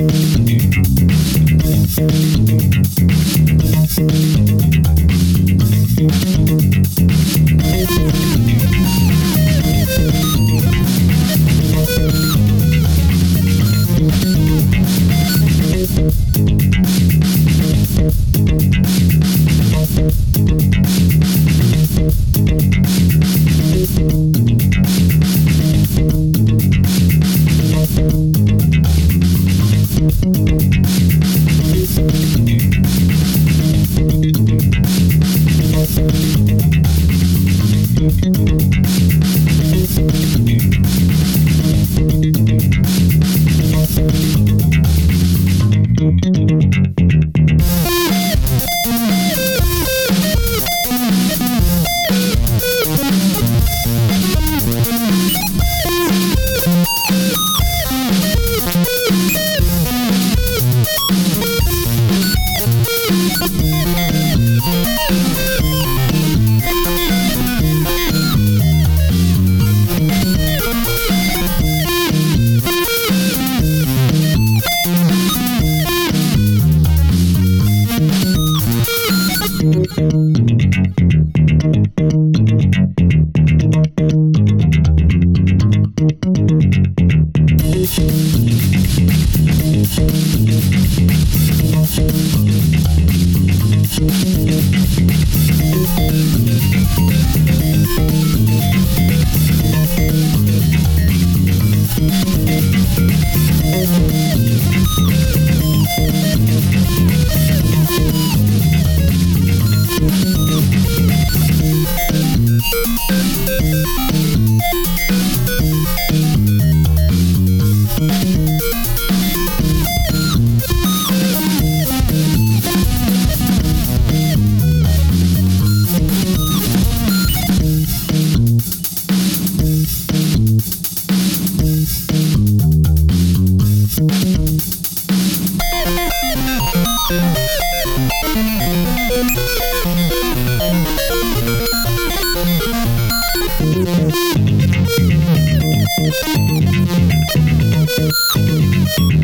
Thank you. Thank